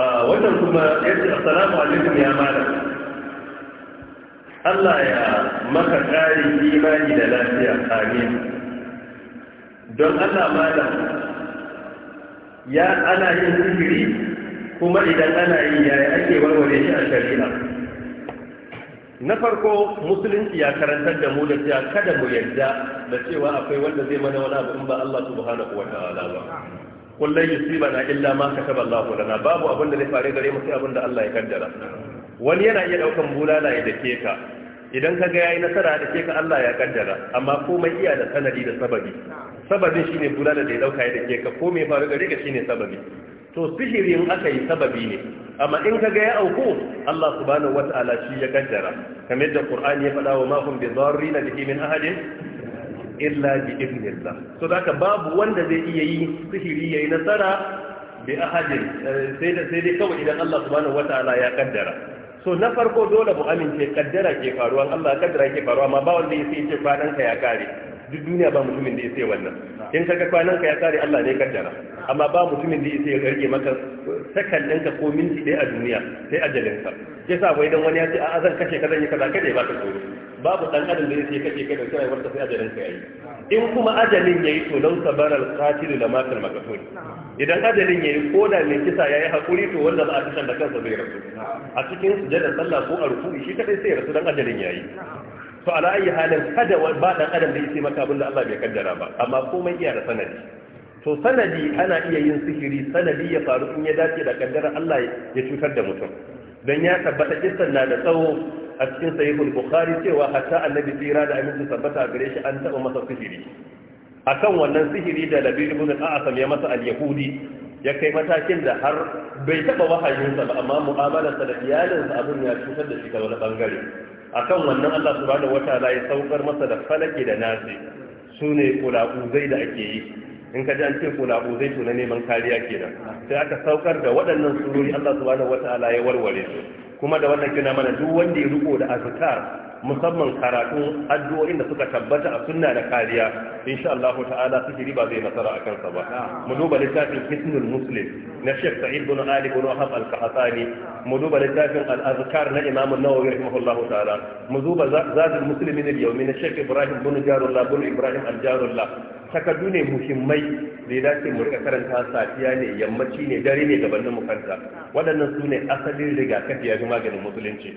wannan kuma ya assalamu alaikum ya malam Allah ya maka ƙarin imani da lafiya amin don Allah malam ya ana yin sihiri kuma idan ana yi yi ake warware shi a shari'a na farko musulunci ya karantar da mu da cewa kada mu yarda da cewa akwai wanda zai mana wani abu in ba Allah subhanahu wa ta'ala ba kullum na illa ma kataba Allah lana babu abin da zai faru gare mu sai abin da Allah ya kaddara wani yana iya daukan bulala ya dake ka idan ka ga yayi nasara da ke ka Allah ya kaddara amma komai iya da sanadi da sababi sababin shine bulala da ya dauka ya dake ka ko mai faru gare ka shine sababi to sihirin aka yi sababi ne amma in ka ga ya auku Allah subhanahu wataala shi ya kaddara kamar da Qur'ani ya faɗa wa ma hum bi dharrin bihi min ahadin illa bi idnillah so daga babu wanda zai iya yi sihiri yayi nasara bi ahadin eh, sai da sai dai kawai idan Allah subhanahu wataala ya kaddara so na farko dole mu amince kaddara ke faruwa Allah kaddara ke faruwa amma ba wanda yake ce fadan ka ya kare duk duniya ba mutumin da yake wannan in kaga kwanan ka ya kare Allah ne kaddara amma ba mutumin da yake rike maka eh, sakan ɗinka ko minti ɗaya a duniya sai ajalin ka ya sa bai dan wani ya ce a zan kashe ka zan yi kaza kada ya baka tsoro babu dan adam da yake kashe ka da sai wanda sai ajalin ka yayi in kuma ajalin yayi to law sabara al qatil la matal maqtul idan ajalin yayi ko da mai kisa yayi hakuri to wanda ba a kashe da kansa zai rasu a cikin sujada sallah ko a ruku'i shi kadai sai ya rasu dan ajalin yayi to ala ayi halin kada ba dan adam da yake maka abin da Allah bai kaddara ba amma komai iya da sanadi to sanadi ana iya yin sihiri sanadi ya faru in ya dace da kaddara Allah ya cutar da mutum don ya tabbata kissan na da tsawo a cikin sahihul bukhari cewa hatta annabi tsira da aminci tabbata a gare shi an taɓa masa sihiri akan wannan sihiri da labir ibn al-asam ya masa al-yahudi ya kai matakin da har bai taɓa wahayinsa ba amma mu'amalarsa da iyalinsa abin ya cutar da shi ta wani bangare akan wannan Allah subhanahu wataala ya saukar masa da falaki da nasi sune kulakuzai da ake yi in ka ji an ce kulabuzai zai na neman kariya kenan sai aka saukar da waɗannan surori Allah subhanahu wata'ala ya warware su kuma da wannan kina mana duk wanda ya riko da azkar musamman karatun addu'o'in da suka tabbata a sunna da kariya insha Allah ta'ala sihiri ba zai nasara a kansa ba mu duba littafin Hisnul Muslim na Sheikh Sa'id bin Ali bin Wahab al-Qahtani mu duba littafin al-Azkar na Imam an-Nawawi rahimahullah ta'ala mu duba Zadul Muslimin al-Yawmi na Sheikh Ibrahim bin Jarullah bin Ibrahim al-Jarullah takardu ne muhimmai da ya dace mu rika karanta safiya ne yammaci ne dare ne mu karanta waɗannan su ne asalin rigakafi ya fi maganin musulunci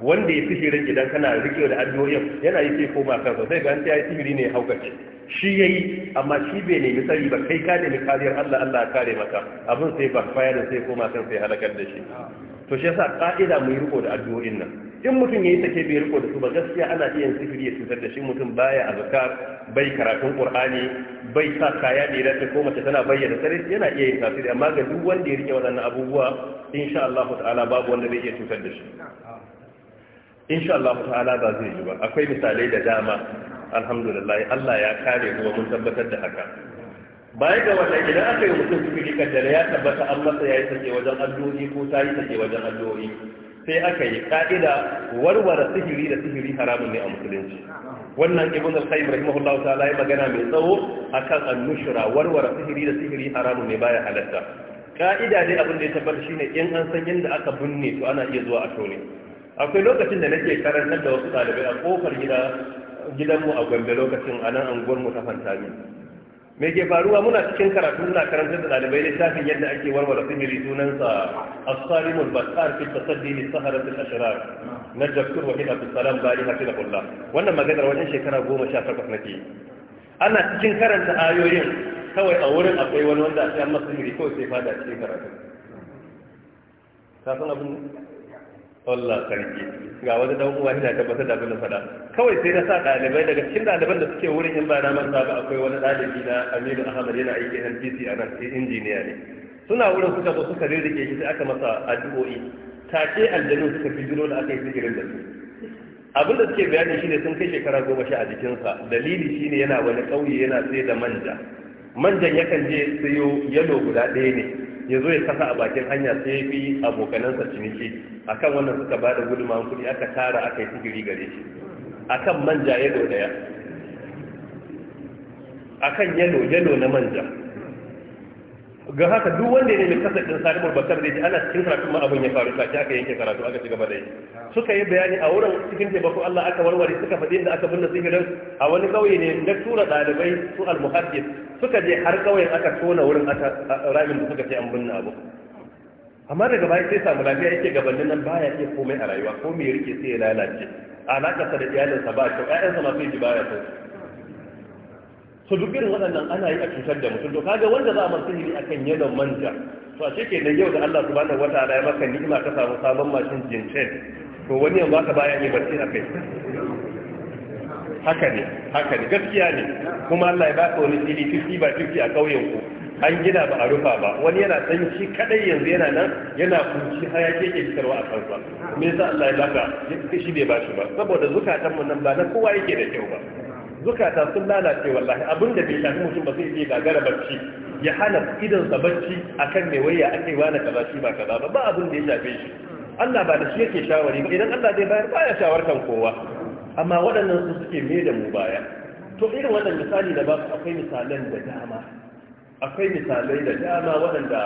wanda ya sihirin idan kana rikewa da addu'o'in yana yi sai koma kansa sai ga an ya yi sihiri ne haukace shi ya yi amma shi bai nemi misali ba kai ka nemi kariyar Allah Allah kare maka abin sai ba faya da sai koma kansa ya halakar da shi to shi yasa ka'ida mu yi riko da addu'o'in nan in mutum ya yi sake bai riko da su ba gaskiya ana iya yin sifiri ya cutar da shi mutum baya azkar bai karatun qur'ani bai sa kaya da ya ko mace tana bayyana sare yana iya yin tasiri amma ga duk wanda ya rike waɗannan abubuwa insha Allah ta'ala babu wanda bai iya cutar da shi insha Allah ta'ala ba zai yi ba akwai misalai da dama alhamdulillah Allah ya kare kuma mun tabbatar da haka baya ga wata idan aka yi mutum sifiri kaddara ya tabbata an masa ya yi sake wajen addu'o'i ko ta yi sake wajen addu'o'i sai aka yi ka'ida warware sihiri da sihiri haramun ne a musulunci wannan ibn al-qayyim rahimahullahu ta'ala ya magana mai tsawo akan annushra warware sihiri da sihiri haramun ne baya halatta ka'ida dai abin da ya tabbata shine in an san yadda aka binne to ana iya zuwa a tone akwai lokacin da nake karantar da wasu ɗalibai a kofar gida gidanmu a gombe lokacin a nan anguwarmu ta fantami Mai ke faruwa muna cikin karatu muna karantar da ɗalibai littafin yadda ake warware sihiri sunansa as-salimul basar fi tasaddi li saharat al-ashrar na Dr. Wahid Abdul Salam Bari hafizahullah wannan maganar wajen shekara 18 nake ana cikin karanta ayoyin kawai a wurin akwai wani wanda a an masu sihiri kawai sai fada cikin karatu ka san abin Allah sarki ga wani dan uwa yana tabbatar da abin fada kawai sai na sa dalibai daga cikin daliban da suke wurin in ba na manta ba akwai wani dalibi na Aminu Ahmad yana aiki NTC a nan sai injiniya ne suna wurin suka zo suka rirrike shi sai aka masa addu'o'i take aljanu suka bijiro da aka yi sigirin da su abin da suke bayani shine sun kai shekara goma sha a jikinsa dalili shine yana wani kauye yana sai da manja manjan yakan je sayo yalo guda ɗaya ne ya zo ya kasa a bakin hanya sai ya fi abokanansa ciniki a kan wannan suka ba da guduma kuɗi aka tara aka yi sigiri gare shi kan manja yalo daya kan yalo yalo na manja ga haka duk wanda ne mai kasance salimul bakar da ana cikin karatun ma abin ya faru sai aka yanke karatu aka ci gaba da yi suka yi bayani a wurin cikin taimako Allah aka warware suka faɗi inda aka binne sihirin a wani kauye ne na tura ɗalibai su almuhaddis suka je har kauyen aka tona wurin aka ramin da suka ce an binne abu amma daga baya sai samu lafiya yake gabanin nan baya iya komai a rayuwa ko me rike sai ya lalace alaƙarsa da iyalinsa ba kyau ƴaƴansa ma sai ji baya sau to duk irin waɗannan ana yi a cutar da mutum to kaga wanda za a masu sihiri akan yadon manja to a ce ke nan yau da Allah subhanahu wataala ya maka ni'ima ta samu sabon mashin jincen to wani yanzu baka baya yi barci a kai haka ne haka ne gaskiya ne kuma Allah ya baka wani fili fifty ba fifty a ƙauyen ku an gina ba a rufa ba wani yana san shi kadai yanzu yana nan yana kunci hayaki yake fitarwa a kansa me yasa Allah ya baka shi bai ba shi ba saboda zukatan mu nan ba na kowa yake da kyau ba zukata sun lalace wallahi abin da bai shafi mutum ba zai je gagara barci ya hana sa barci akan me waya ake wani kaza shi ba kaza ba ba abin da ya shafe shi Allah ba da shi yake shawari ba idan Allah zai bayar baya shawartan kowa amma waɗannan su suke me da mu baya to irin wannan misali da ba akwai misalan da dama akwai misalai da dama waɗanda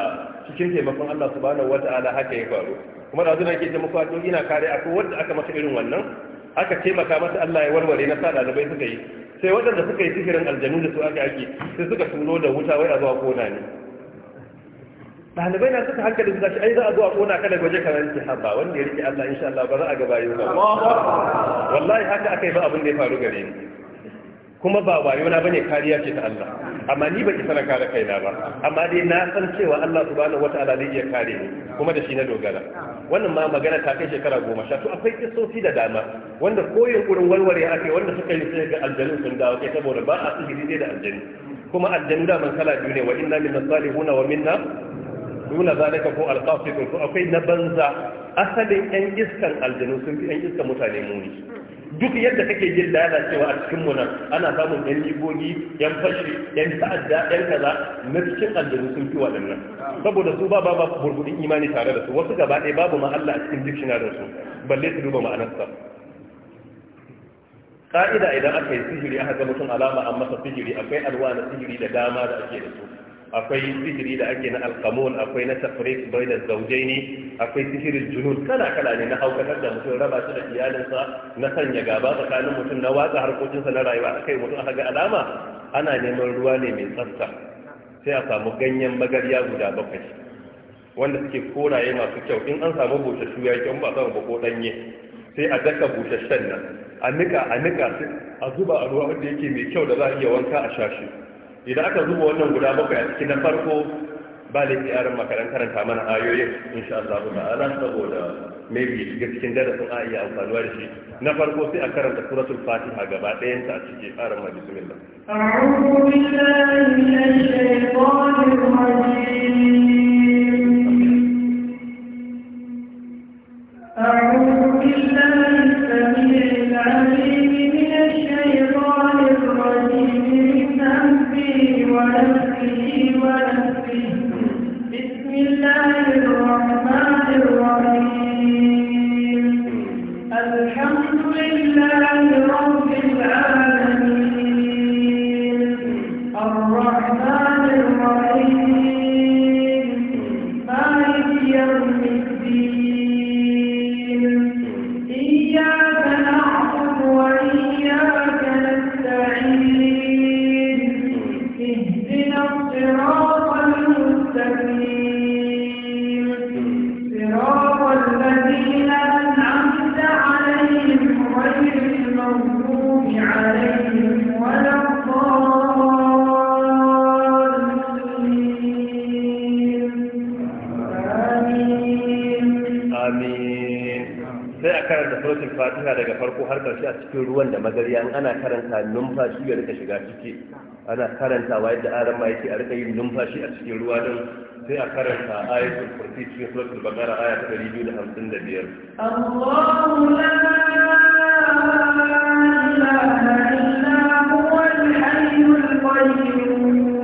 cikin taimakon Allah subhanahu wata'ala haka ya faru kuma da zuwa ke taimako a ina kare akwai wanda aka masa irin wannan aka taimaka masa Allah ya warware na sa bai suka yi sai waɗanda suka yi sihirin aljanu da su aka ake sai suka tuno da wuta wai a zuwa kona ne ɗalibai na suka hankali su zaci ai za a zuwa kona kada gwaje karanci haba wanda ya rike Allah insha Allah ba za a gaba yin ba wallahi haka aka yi ba abin da ya faru gare ni kuma ba wayo na bane kariya ce ta Allah amma ni ki sana kare kaina ba amma dai na san cewa Allah subhanahu wataala zai iya kare ni kuma da shi na dogara wannan ma magana ta kai shekara goma sha to akwai kisofi da dama wanda ko yunkurin warware ake wanda suka yi sai ga aljanu sun dawo kai saboda ba a sihiri da aljanu kuma aljanu da man kala biyu ne wa inna minna salihuna wa minna duna zalika ko alqasitun ko akwai na banza asalin yan iskan aljanu sun fi yan iskan mutane muni duk yadda kake jin lalacewa a cikin mu nan ana samun yan libogi yan fashi yan ta'adda yan kaza na cikin aljanu sun fi waɗannan saboda su ba ba burbudin imani tare da su wasu gaba ɗaya babu ma Allah a cikin dictionary su balle su duba ma'anarsa ka'ida idan aka yi sihiri aka ga mutum alama an masa sihiri akwai alwa na sihiri da dama da ake da su akwai sihiri da ake na alkamun akwai na tafrik bai da zaujaini akwai sihirin junun kala kala ne na haukatar da mutum raba shi da iyalinsa na sanya gaba tsakanin mutum na watsa harkokinsa na rayuwa a yi mutum a ga alama ana neman ruwa ne mai tsafta sai a samu ganyen magarya guda bakwai wanda suke koraye masu kyau in an samu bushashu ya kyau ba samu bako danye sai a daka bushashen nan a nika a nika a zuba a ruwa wanda yake mai kyau da za a iya wanka a sha shi idan aka zuba wannan guda bakwai a ciki na farko ba da yaran makaran karanta mana ayoyin insha Allah ta'ala saboda maybe ga cikin darasin a iya amfanuwa da shi na farko sai a karanta suratul fatiha gaba ɗayan ta a cikin tsarin ma bismillah a'udhu billahi minash shaitanir rajim اهدنا الصراط المستقيم صراط الذين أنعمت عليهم غير المغضوب عليهم suratul fatiha daga farko har karshe a cikin ruwan da magariya in ana karanta numfashi ya rika shiga ciki ana karanta wa yadda aran ma yake a rika yin numfashi a cikin ruwa don sai a karanta ayatul kursi cikin suratul bakara aya ta 255 Allahu la ilaha illa huwa al-hayyul qayyum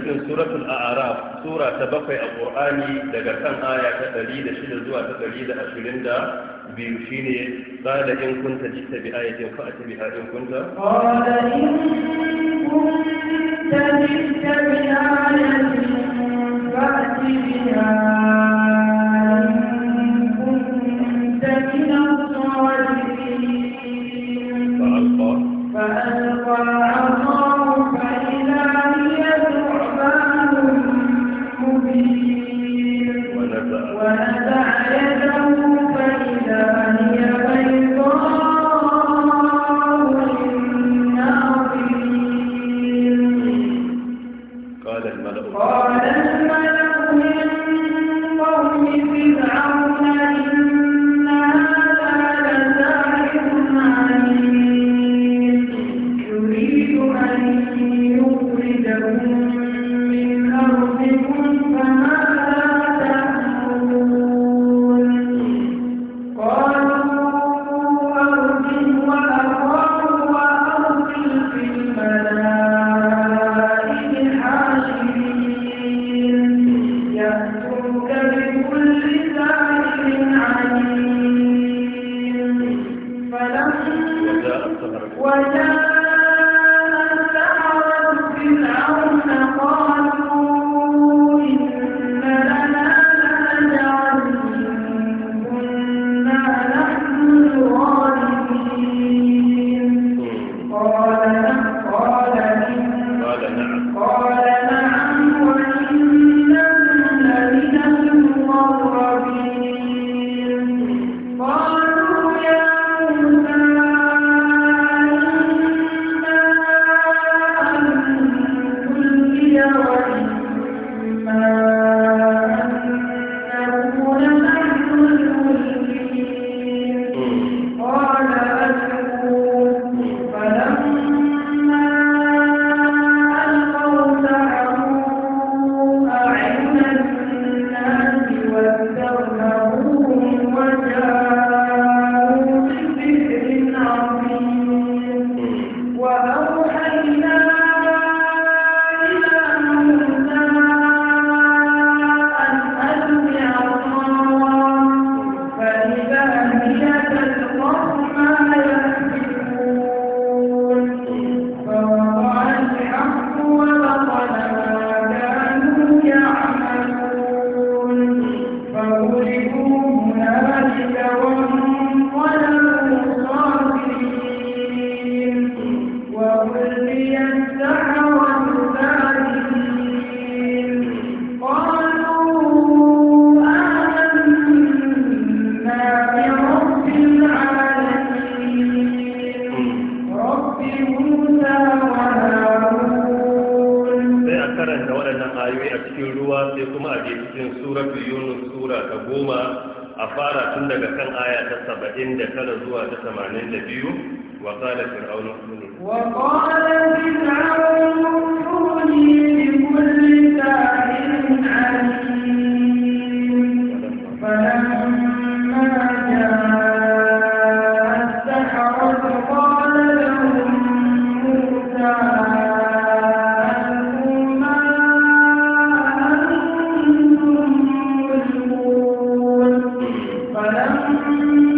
cikin suratul a'raf sura ta bakwai a qur'ani daga kan aya ta 106 zuwa ta 122 shine qala in kunta jita bi ayatin fa ati bi in kunta qala in kunta jita bi ayatin fa فألقى عصاه فإذا ونزع يده karanta waɗannan ayoyi a cikin ruwa sai kuma a je cikin sura yunus sura ta goma a fara tun daga kan aya ta saba'in da tara zuwa ta tamanin da biyu wa qala fir'aunu wa Thank you.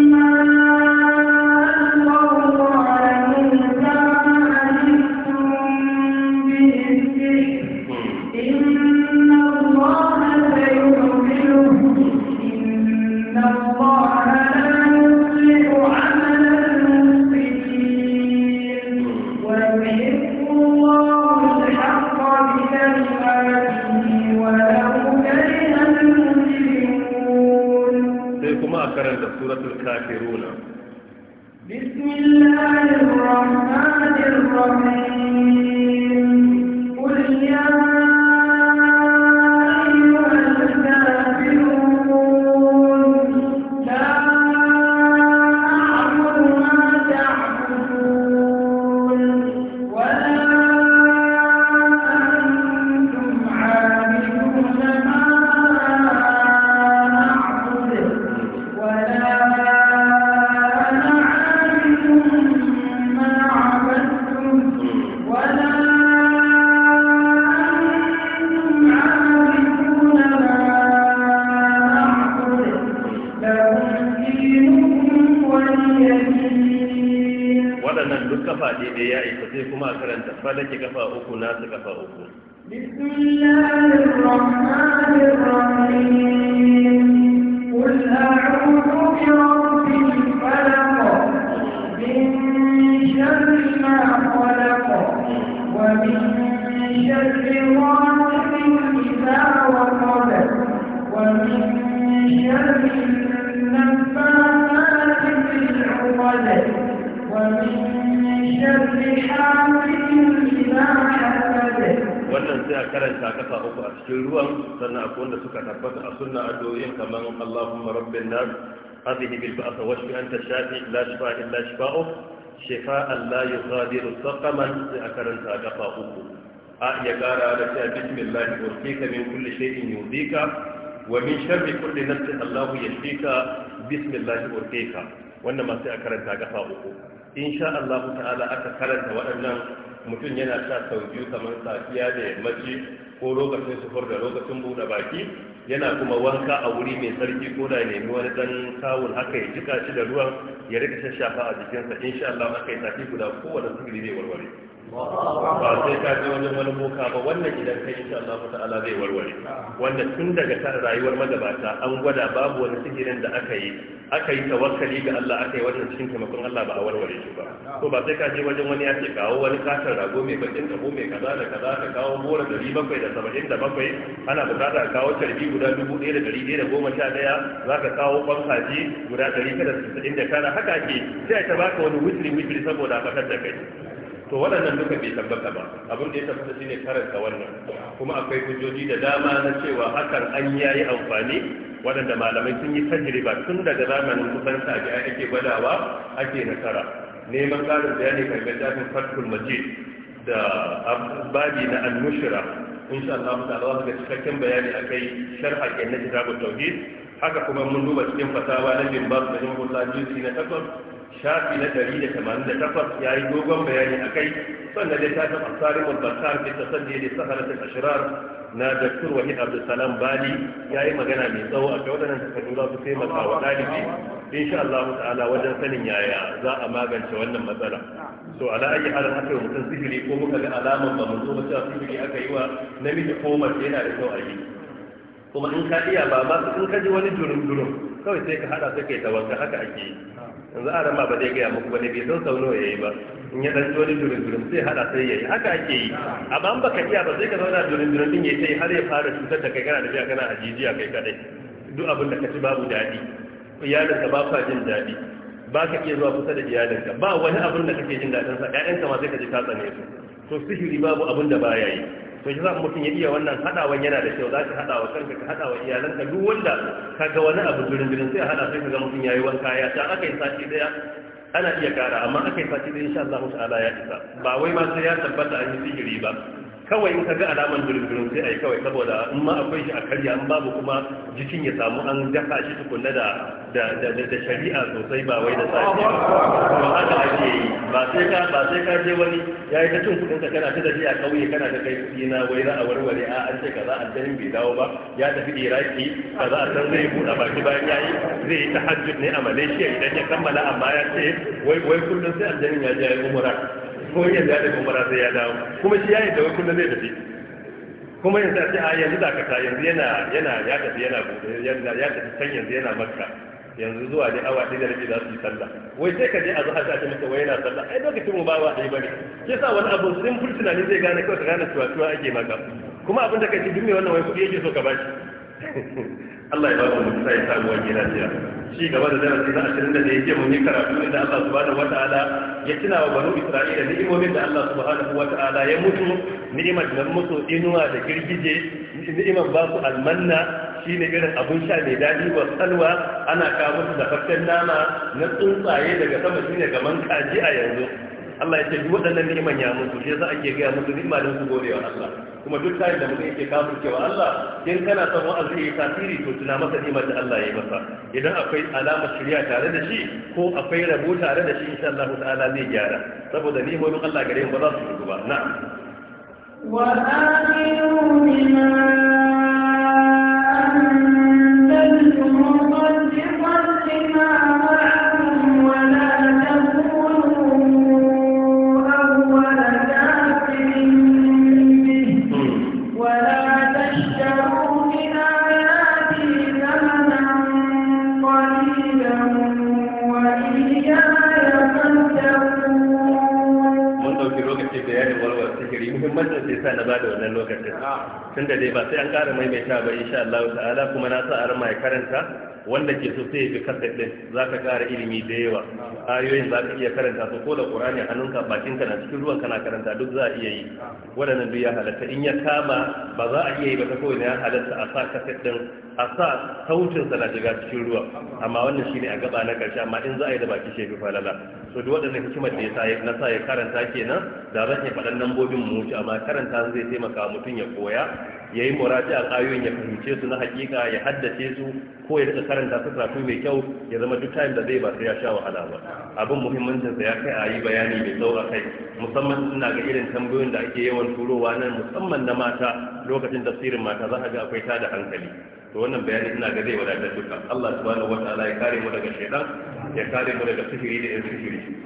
ذلك فأقول بسم الله الرحمن الرحيم قل أعوذ برب الفلق من شر ما خلق ومن شر غاسق إذا وقب ومن شر النفاثات في العقد ومن شر حاسد sai a karanta kafa uku a cikin ruwan sannan akwai wanda suka tabbata a sunna addu'o'in kamar Allahumma rabbin nas hadhihi bil ba'th wa shfi anta shafi la shifa illa shifa'uk shifa'an la yughadiru saqaman sai a karanta kafa uku a kara da ta bismillah urfika min kulli shay'in yudika wa min sharri kulli nafsin Allahu yashfika bismillah wannan ma sai a karanta uku insha Allah ta'ala aka karanta waɗannan mutum yana sa sau biyu kamar safiya da yammaci ko lokacin sufur da lokacin buɗe baki yana kuma wanka a wuri mai sarki ko da nemi wani ɗan kawun haka ya jika shi da ruwan ya rika shafa a jikinsa insha Allah aka yi tafi guda kowane sigiri zai warware ba sai ka je wani wani boka ba wannan idan kai insha Allah ala zai warware wanda tun daga ta rayuwar magabata an gwada babu wani sihirin da aka yi aka yi tawakkali ga Allah aka yi wannan cikin taimakon Allah ba a warware shi ba to ba sai ka je wajen wani ya ce kawo wani katar rago mai bakin kabo mai kaza da kaza ka kawo bora dari bakwai da saba'in da bakwai ana bukata ka kawo tarbi guda dubu ɗaya da ɗari ɗaya da goma sha ɗaya za ka kawo bankaji guda ɗari kada da tara haka ake sai ta baka wani witri witri saboda a da kai to waɗannan duka bai tabbata ba abin da ya tabbata shine karanta wannan kuma akwai hujjoji da dama na cewa hakan an yayi amfani waɗanda malamai sun yi tajriba tun daga zamanin kusan tabi'a ake gwadawa ake nasara neman ƙarin bayani kan littafin fatkul majid da babi na annushira insha Allah ta'ala za cikakken bayani akai sharha kenan kitabut tauhid haka kuma mun duba cikin fatawa na bin bab da jumhur na takwas shafi na ɗari da tamanin da takwas ya yi dogon bayani a kai sannan da ta taɓa tsarin walbatar da ta sanya da sahara ta ashirar na daktur wahid abdulsalam bali ya yi magana mai tsawo a kai waɗannan takardu za su taimaka wa ɗalibi sha Allah ta'ala wajen sanin yaya za a magance wannan matsala to ala ayi hal mutum sihiri ko muka ga alaman ba mu zo ba cewa sihiri aka yi wa namiji ko mace yana da kyau a yi kuma in ka iya ba ma in ka ji wani durum durum kawai sai ka hada sai kai tawakka haka ake yi yanzu a ran ma ba zai gaya muku wani bai san sau nawa yayi ba in ya dan ji wani durum durum sai hada sai yayi haka ake yi amma in baka iya ba sai ka zauna durum durum din yayi sai har ya fara cutar da kai kana da biya kana hajijiya kai kadai duk abin da ka ci babu daɗi iyalinka ba ka jin daɗi ba ka iya zuwa kusa da iyalinka ba wani abin da kake jin daɗinsa ƴaƴanka ma sai ka ji ka tsane su to sihiri babu abin da baya yi to shi za mutum ya iya wannan haɗawan yana da kyau za ka haɗa wa kanka ka haɗa wa iyalanka duk wanda ka ga wani abu durin durin sai haɗa sai ka ga mutum yayi wanka ya ta aka yi sati ɗaya ana iya ƙara amma aka yi sati ɗaya insha Allah ya isa ba wai ma sai ya tabbata an yi sihiri ba kawai in ka ga alaman durin sai a yi kawai saboda in ma akwai shi a karya in babu kuma jikin ya samu an dafa shi tukunna da da da shari'a sosai ba wai da tsari ba haka ake yi sai ka ba sai ka je wani ya yi ta cin kudin ka kana ta tafi a kauye kana ta kai kudi na wai za a warware a an ce kaza addinin bai dawo ba ya tafi iraki kaza a san zai buɗe baki bayan ya yi zai yi tahajjud ne a malaysia idan ya kammala amma ya ce wai wai kullum sai aljanin ya je ya yi umara ko yadda ya umara sai ya dawo kuma shi ya yi da wai kullum zai tafi kuma yanzu a ce a yanzu dakata yanzu yana yana ya tafi yana ya tafi can yanzu yana makka yanzu zuwa ne awa ɗaya da rabi za su yi sallah wai sai ka je a zuwa ta ce maka wai yana sallah ai lokacin mu ba wa ɗaya bane ke sa wani abu sun ful tunani zai gane kawai ka gane cewa cewa ake maka kuma abin da kai duk me wannan wai kuɗi yake so ka bashi Allah ya ba mu ya sa ruwa gida jiya ci gaba da darasi na ashirin da ne yake mun yi karatu inda Allah subhanahu wa ta'ala ya tuna wa banu Isra'ila ni'imomin da Allah subhanahu wa ta'ala ya mutu ni'imar da mutu inuwa da girgije ni'imar ba su almanna shine irin abun sha mai dadi wa salwa ana kawo musu da fakken nama na tsuntsaye daga sama shine gaman kaji a yanzu Allah ya ce duk waɗannan ni'iman ya mutu shi yasa ake ga mutu ni'ima da su gode wa Allah kuma duk tayin da mutum yake kafin cewa Allah in kana son wa'azi ya yi tasiri to tuna masa ni'imar da Allah ya yi masa idan akwai alamar shirya tare da shi ko akwai rabo tare da shi insha Allah ta'ala zai gyara saboda ni horon Allah gare mu ba za su shigo ba na'am wa aminu bima tun da dai ba sai an ƙara maimaita ba insha Allah ta'ala kuma na sa arma ya karanta wanda ke so sai ya bi kasar ɗin za ka ƙara ilimi da yawa ayoyin za ka iya karanta su ko da ƙurani a hannunka bakinka na cikin ruwan kana karanta duk za a iya yi waɗannan duk ya halatta in ya kama ba za a iya yi ba ta kowane ya halatta a sa kasar ɗin a sa sautinsa na shiga cikin ruwa amma wannan shine a gaba na ƙarshe amma in za a yi da baki fi falala so duk waɗanda hikimar da ya na sa ya karanta kenan da zan iya faɗan lambobin mu shi amma karanta zai taimaka mutum ya koya ya yi muraci a ayoyin ya fahimce su na hakika ya haddace su ko ya rika karanta su karatu mai kyau ya zama duk time da zai ba sai ya sha wahala ba abin muhimmancin sa ya kai a yi bayani mai tsawo kai musamman ina ga irin tambayoyin da ake yawan turowa nan musamman na mata lokacin tafsirin mata za a ga akwai da hankali to wannan bayani ina ga zai wadatar duka Allah subhanahu wataala ya kare mu daga shaytan ya kare mu daga sihiri da yan sihiri